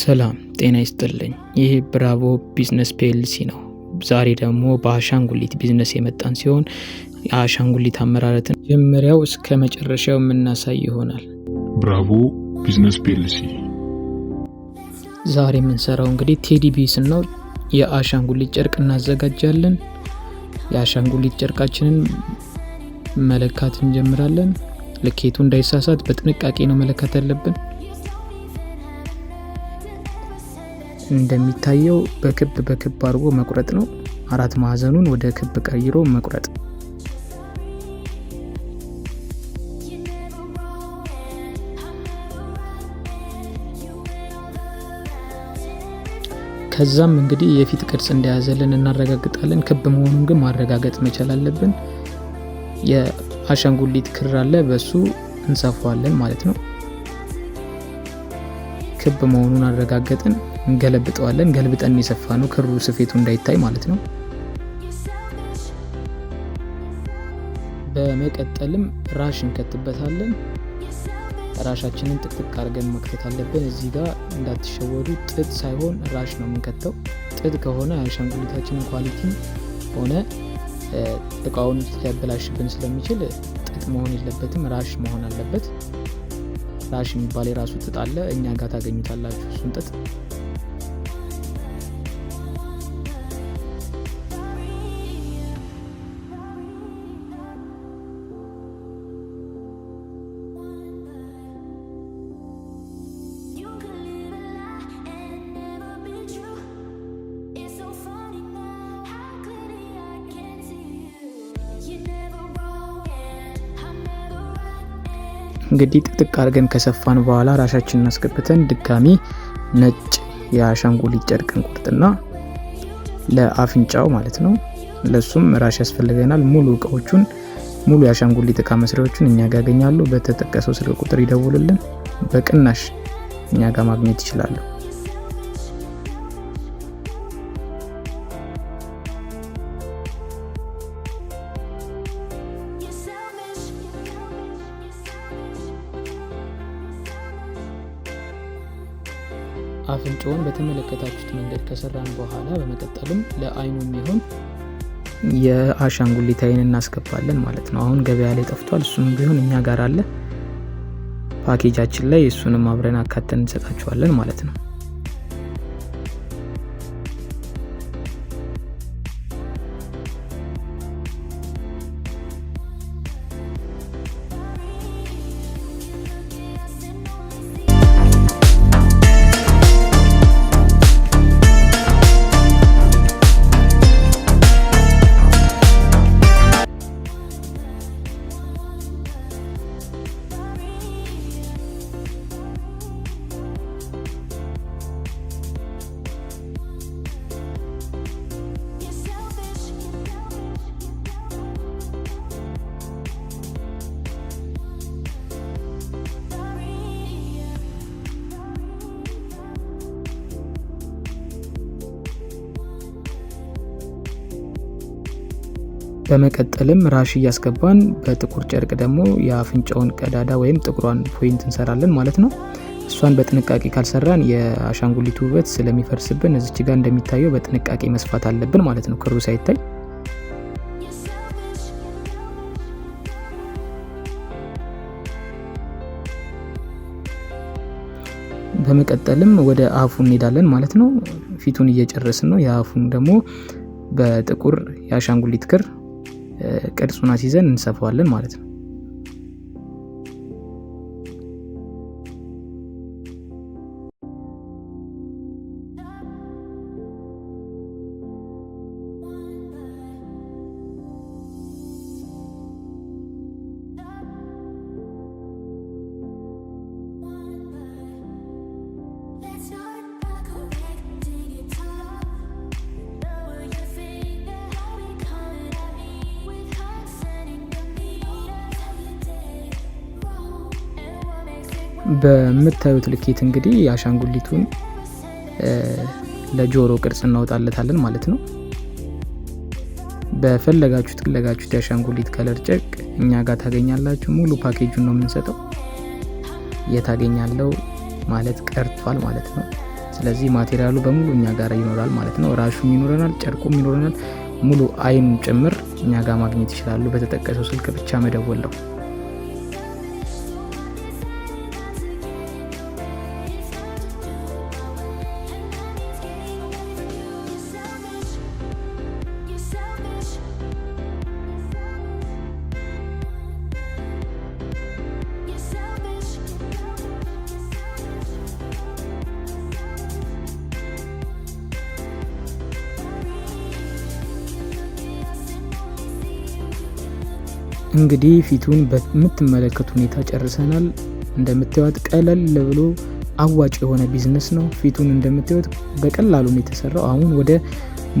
ሰላም ጤና ይስጥልኝ። ይህ ብራቮ ቢዝነስ ፒኤልሲ ነው። ዛሬ ደግሞ በአሻንጉሊት ቢዝነስ የመጣን ሲሆን የአሻንጉሊት አመራረትን መጀመሪያው እስከ መጨረሻው የምናሳይ ይሆናል። ብራቮ ቢዝነስ ፒኤልሲ ዛሬ የምንሰራው እንግዲህ ቴዲ ቢስን ነው። የአሻንጉሊት ጨርቅ እናዘጋጃለን። የአሻንጉሊት ጨርቃችንን መለካት እንጀምራለን። ልኬቱ እንዳይሳሳት በጥንቃቄ ነው መለካት ያለብን። እንደሚታየው በክብ በክብ አድርጎ መቁረጥ ነው። አራት ማዕዘኑን ወደ ክብ ቀይሮ መቁረጥ። ከዛም እንግዲህ የፊት ቅርጽ እንደያዘልን እናረጋግጣለን። ክብ መሆኑን ግን ማረጋገጥ መቻል አለብን። የአሻንጉሊት ክር አለ፣ በሱ እንሰፋዋለን ማለት ነው። ክብ መሆኑን አረጋገጥን። እንገለብጠዋለን። ገልብጠን የሰፋ ነው ክሩ ስፌቱ እንዳይታይ ማለት ነው። በመቀጠልም ራሽ እንከትበታለን። ራሻችንን ጥቅጥቅ አድርገን መክተት አለብን። እዚህ ጋር እንዳትሸወዱ፣ ጥጥ ሳይሆን ራሽ ነው የምንከተው። ጥጥ ከሆነ የአሻንጉሊታችንን ኳሊቲ ሆነ እቃውን ሊያበላሽብን ስለሚችል ጥጥ መሆን የለበትም፣ ራሽ መሆን አለበት። ራሽ የሚባል የራሱ ጥጥ አለ፣ እኛ ጋር ታገኙታላችሁ እሱን ጥጥ እንግዲህ ጥቅጥቅ አድርገን ከሰፋን በኋላ ራሻችንን አስገብተን ድጋሚ ነጭ የአሻንጉሊት ጨርቅን ቁርጥና ለአፍንጫው ማለት ነው ለሱም ራሽ ያስፈልገናል። ሙሉ እቃዎቹን ሙሉ የአሻንጉሊት እቃ መስሪያዎቹን እኛ ጋር ያገኛሉ። በተጠቀሰው ስልክ ቁጥር ይደውልልን በቅናሽ እኛ ጋር ማግኘት ይችላሉ። አፍንጫውን በተመለከታችሁት መንገድ ከሰራን በኋላ በመቀጠልም ለአይኑ የሚሆን የአሻንጉሊት አይን እናስገባለን ማለት ነው። አሁን ገበያ ላይ ጠፍቷል። እሱም ቢሆን እኛ ጋር አለ። ፓኬጃችን ላይ እሱንም አብረን አካተን እንሰጣችኋለን ማለት ነው። በመቀጠልም ራሽ እያስገባን በጥቁር ጨርቅ ደግሞ የአፍንጫውን ቀዳዳ ወይም ጥቁሯን ፖይንት እንሰራለን ማለት ነው። እሷን በጥንቃቄ ካልሰራን የአሻንጉሊቱ ውበት ስለሚፈርስብን እዚች ጋር እንደሚታየው በጥንቃቄ መስፋት አለብን ማለት ነው ክሩ ሳይታይ በመቀጠልም ወደ አፉ እንሄዳለን ማለት ነው። ፊቱን እየጨረስን ነው። የአፉን ደግሞ በጥቁር የአሻንጉሊት ክር ቅርጹን አስይዘን እንሰፋዋለን ማለት ነው። በምታዩት ልኬት እንግዲህ የአሻንጉሊቱን ለጆሮ ቅርጽ እናወጣለታለን ማለት ነው። በፈለጋችሁት ለጋችሁት የአሻንጉሊት ከለር ጨርቅ እኛ ጋር ታገኛላችሁ። ሙሉ ፓኬጁን ነው የምንሰጠው። የታገኛለው ማለት ቀርቷል ማለት ነው። ስለዚህ ማቴሪያሉ በሙሉ እኛ ጋር ይኖራል ማለት ነው። ራሹም ይኖረናል፣ ጨርቁም ይኖረናል። ሙሉ አይኑ ጭምር እኛ ጋር ማግኘት ይችላሉ። በተጠቀሰው ስልክ ብቻ መደወል ነው። እንግዲህ ፊቱን በምትመለከቱ ሁኔታ ጨርሰናል። እንደምታዩት ቀለል ብሎ አዋጭ የሆነ ቢዝነስ ነው። ፊቱን እንደምታዩት በቀላሉ ነው የተሰራው። አሁን ወደ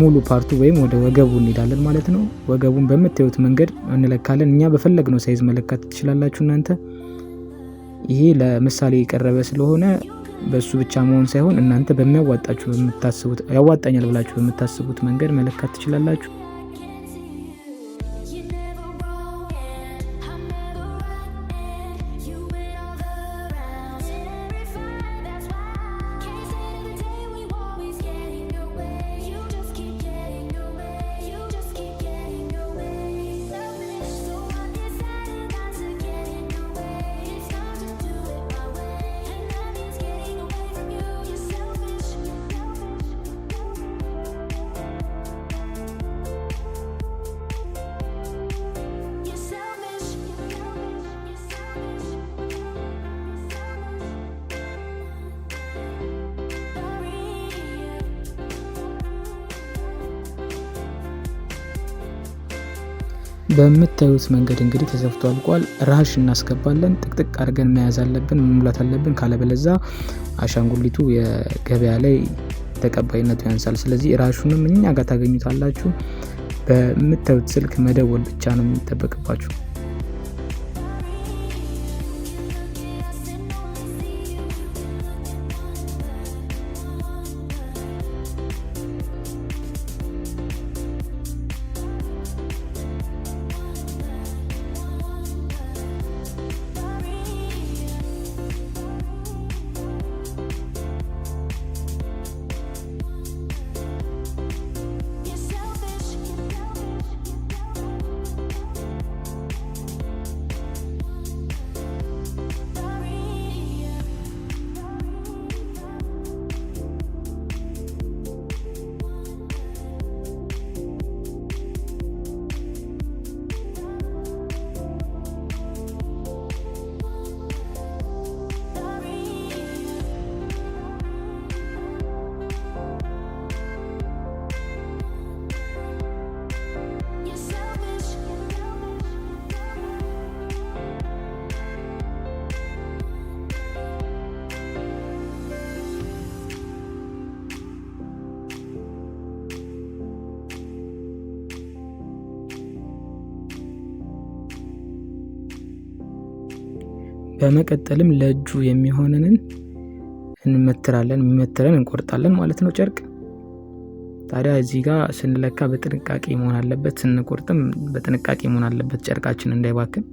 ሙሉ ፓርቱ ወይም ወደ ወገቡ እንሄዳለን ማለት ነው። ወገቡን በምታዩት መንገድ እንለካለን። እኛ በፈለግነው ሳይዝ መለካት ትችላላችሁ እናንተ። ይሄ ለምሳሌ የቀረበ ስለሆነ በእሱ ብቻ መሆን ሳይሆን እናንተ በሚያዋጣችሁ በምታስቡት ያዋጣኛል ብላችሁ በምታስቡት መንገድ መለካት ትችላላችሁ። በምታዩት መንገድ እንግዲህ ተሰፍቶ አልቋል። ራሽ እናስገባለን። ጥቅጥቅ አድርገን መያዝ አለብን፣ መሙላት አለብን። ካለበለዛ አሻንጉሊቱ የገበያ ላይ ተቀባይነቱ ያንሳል። ስለዚህ ራሹንም እኛ ጋር ታገኙታላችሁ። በምታዩት ስልክ መደወል ብቻ ነው የሚጠበቅባችሁ። በመቀጠልም ለእጁ የሚሆንንን እንመትራለን መትረን እንቆርጣለን ማለት ነው ጨርቅ ታዲያ እዚህ ጋር ስንለካ በጥንቃቄ መሆን አለበት ስንቆርጥም በጥንቃቄ መሆን አለበት ጨርቃችን እንዳይባክን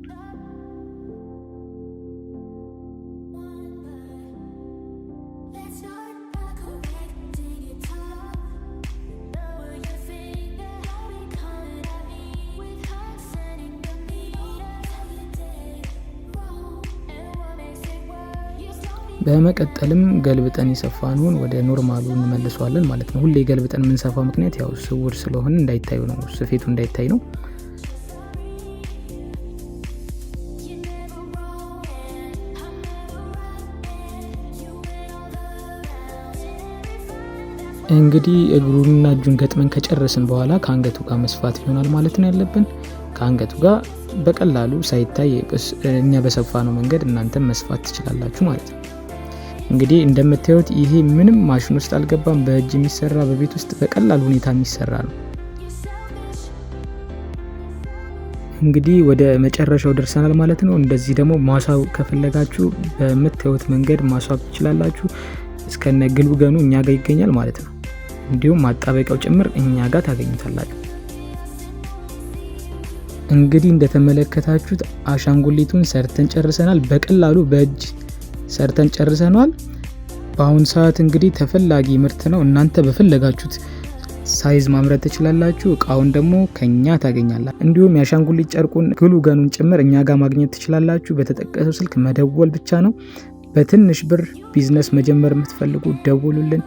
በመቀጠልም ገልብጠን የሰፋነውን ወደ ኖርማሉ እንመልሰዋለን ማለት ነው። ሁሌ ገልብጠን የምንሰፋው ምክንያት ያው ስውር ስለሆን እንዳይታዩ ነው፣ ስፌቱ እንዳይታይ ነው። እንግዲህ እግሩንና እጁን ገጥመን ከጨረስን በኋላ ከአንገቱ ጋር መስፋት ይሆናል ማለት ነው ያለብን። ከአንገቱ ጋር በቀላሉ ሳይታይ እኛ በሰፋ ነው መንገድ እናንተም መስፋት ትችላላችሁ ማለት ነው። እንግዲህ እንደምታዩት ይሄ ምንም ማሽን ውስጥ አልገባም። በእጅ የሚሰራ በቤት ውስጥ በቀላል ሁኔታ የሚሰራ ነው። እንግዲህ ወደ መጨረሻው ደርሰናል ማለት ነው። እንደዚህ ደግሞ ማስዋብ ከፈለጋችሁ በምታዩት መንገድ ማስዋብ ትችላላችሁ። እስከነ ግልብገኑ እኛ ጋር ይገኛል ማለት ነው። እንዲሁም ማጣበቂያው ጭምር እኛ ጋር ታገኙታላችሁ። እንግዲህ እንደተመለከታችሁት አሻንጉሊቱን ሰርተን ጨርሰናል። በቀላሉ በእጅ ሰርተን ጨርሰኗል። በአሁን ሰዓት እንግዲህ ተፈላጊ ምርት ነው። እናንተ በፈለጋችሁት ሳይዝ ማምረት ትችላላችሁ። እቃውን ደግሞ ከኛ ታገኛላ። እንዲሁም የአሻንጉሊት ጨርቁን ግሉ ገኑን ጭምር እኛ ጋር ማግኘት ትችላላችሁ። በተጠቀሰው ስልክ መደወል ብቻ ነው። በትንሽ ብር ቢዝነስ መጀመር የምትፈልጉ ደውሉልን።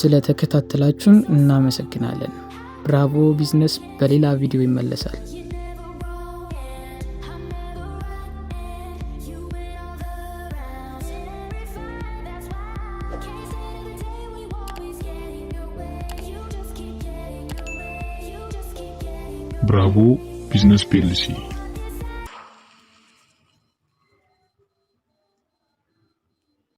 ስለተከታተላችሁን እናመሰግናለን። ብራቮ ቢዝነስ በሌላ ቪዲዮ ይመለሳል። Rabu Business policy.